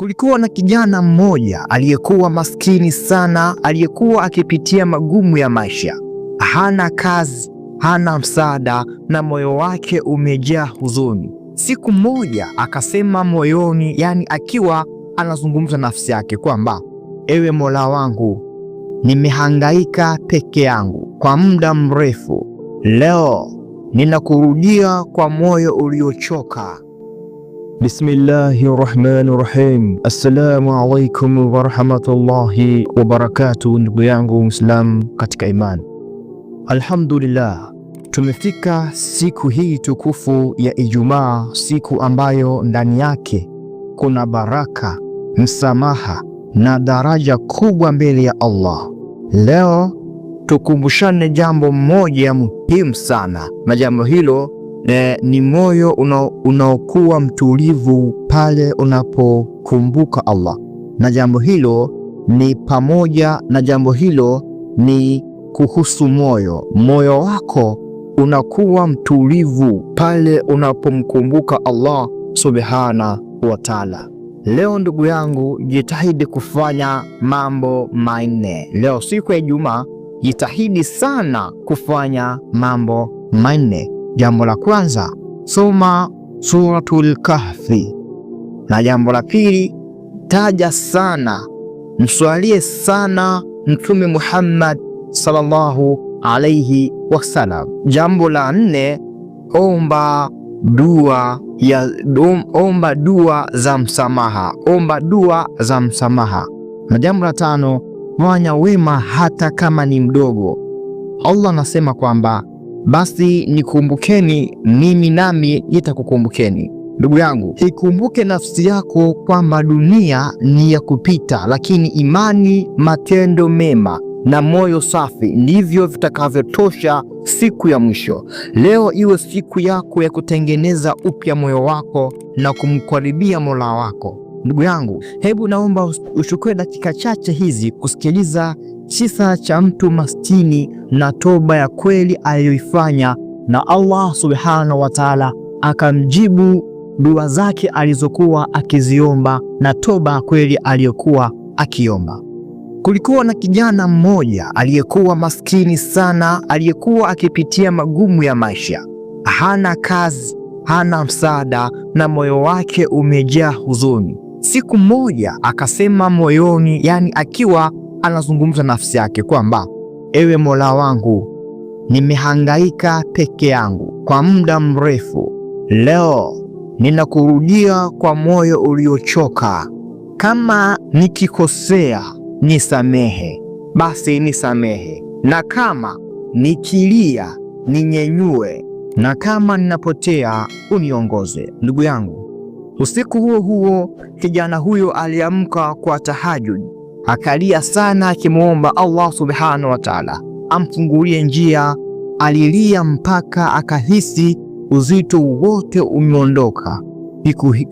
Kulikuwa na kijana mmoja aliyekuwa maskini sana, aliyekuwa akipitia magumu ya maisha. Hana kazi, hana msaada na moyo wake umejaa huzuni. Siku moja akasema moyoni, yani akiwa anazungumza nafsi yake kwamba ewe Mola wangu, nimehangaika peke yangu kwa muda mrefu. Leo ninakurudia kwa moyo uliochoka. Bismillahi rahmani rahim. Assalamu alaikum warahmatullahi wabarakatuh. Ndugu yangu Muislamu katika imani, alhamdulillah, tumefika siku hii tukufu ya Ijumaa, siku ambayo ndani yake kuna baraka, msamaha na daraja kubwa mbele ya Allah. Leo tukumbushane jambo moja muhimu sana, na jambo hilo E, ni moyo unaokuwa una mtulivu pale unapokumbuka Allah, na jambo hilo ni pamoja na jambo hilo ni kuhusu moyo. Moyo wako unakuwa mtulivu pale unapomkumbuka Allah subhana wa taala. Leo ndugu yangu, jitahidi kufanya mambo manne. Leo siku ya Ijumaa, jitahidi sana kufanya mambo manne. Jambo la kwanza, soma Suratul Kahfi, na jambo la pili, taja sana, mswalie sana Mtume Muhammad sallallahu alaihi wasallam. Jambo la nne, omba dua ya omba dua za msamaha, omba dua za msamaha. Na jambo la tano, fanya wema hata kama ni mdogo. Allah anasema kwamba basi nikumbukeni mimi nami nitakukumbukeni. Ndugu yangu, ikumbuke nafsi yako kwamba dunia ni ya kupita, lakini imani, matendo mema na moyo safi ndivyo vitakavyotosha siku ya mwisho. Leo iwe siku yako ya kutengeneza upya moyo wako na kumkaribia Mola wako. Ndugu yangu, hebu naomba ushukue dakika chache hizi kusikiliza kisa cha mtu maskini na toba ya kweli aliyoifanya, na Allah subhanahu wa taala akamjibu dua zake alizokuwa akiziomba na toba ya kweli aliyokuwa akiomba. Kulikuwa na kijana mmoja aliyekuwa maskini sana, aliyekuwa akipitia magumu ya maisha, hana kazi, hana msaada, na moyo wake umejaa huzuni. Siku moja akasema moyoni, yani akiwa anazungumza nafsi yake kwamba ewe Mola wangu, nimehangaika peke yangu kwa muda mrefu. Leo ninakurudia kwa moyo uliochoka. Kama nikikosea nisamehe, basi nisamehe, na kama nikilia ninyenyue, na kama ninapotea uniongoze. Ndugu yangu, usiku huo huo kijana huyo aliamka kwa tahajud akalia sana akimwomba Allah subhanahu wa taala amfungulie njia. Alilia mpaka akahisi uzito wote umeondoka.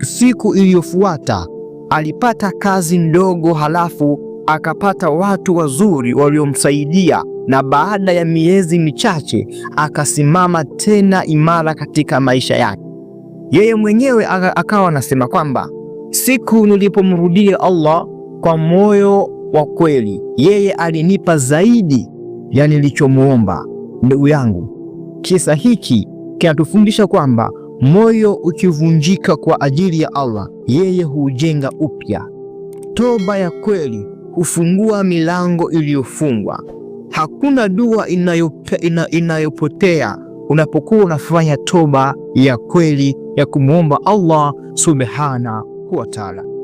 Siku iliyofuata alipata kazi ndogo, halafu akapata watu wazuri waliomsaidia, na baada ya miezi michache akasimama tena imara katika maisha yake. Yeye mwenyewe akawa anasema kwamba siku nilipomrudia Allah kwa moyo wa kweli. Yeye alinipa zaidi ya nilichomuomba. Ndugu yangu, kisa hiki kinatufundisha kwamba moyo ukivunjika kwa ajili ya Allah, yeye huujenga upya. Toba ya kweli hufungua milango iliyofungwa. Hakuna dua inayope, ina, inayopotea unapokuwa unafanya toba ya kweli ya kumwomba Allah subhanahu wa ta'ala.